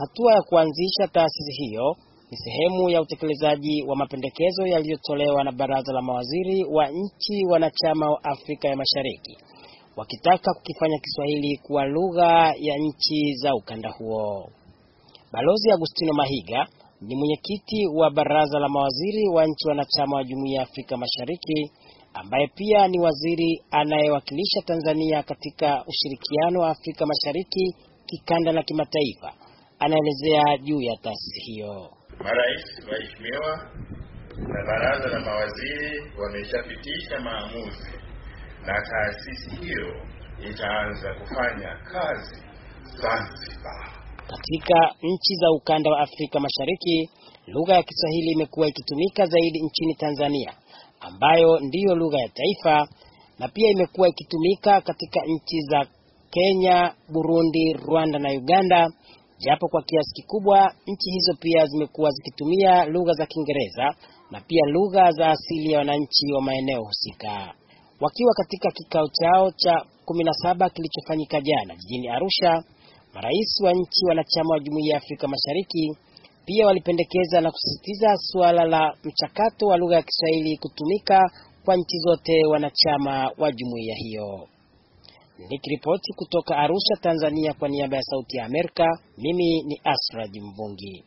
Hatua ya kuanzisha taasisi hiyo ni sehemu ya utekelezaji wa mapendekezo yaliyotolewa na baraza la mawaziri wa nchi wanachama wa Afrika ya Mashariki wakitaka kukifanya Kiswahili kuwa lugha ya nchi za ukanda huo. Balozi Agustino Mahiga ni mwenyekiti wa baraza la mawaziri wa nchi wanachama wa Jumuiya ya Afrika Mashariki ambaye pia ni waziri anayewakilisha Tanzania katika ushirikiano wa Afrika Mashariki kikanda na kimataifa anaelezea juu ya taasisi hiyo. Marais waheshimiwa na baraza la mawaziri wameshapitisha maamuzi na taasisi hiyo itaanza kufanya kazi Zanzibar. Katika nchi za ukanda wa Afrika Mashariki, lugha ya Kiswahili imekuwa ikitumika zaidi nchini Tanzania ambayo ndiyo lugha ya taifa na pia imekuwa ikitumika katika nchi za Kenya, Burundi, Rwanda na Uganda japo kwa kiasi kikubwa nchi hizo pia zimekuwa zikitumia lugha za Kiingereza na pia lugha za asili ya wananchi wa maeneo husika. Wakiwa katika kikao chao cha 17 kilichofanyika jana jijini Arusha, marais wa nchi wanachama wa Jumuiya ya Afrika Mashariki pia walipendekeza na kusisitiza suala la mchakato wa lugha ya Kiswahili kutumika kwa nchi zote wanachama wa jumuiya hiyo. Nikiripoti kutoka Arusha, Tanzania, kwa niaba ya Sauti ya Amerika, mimi ni Asraji Mvungi.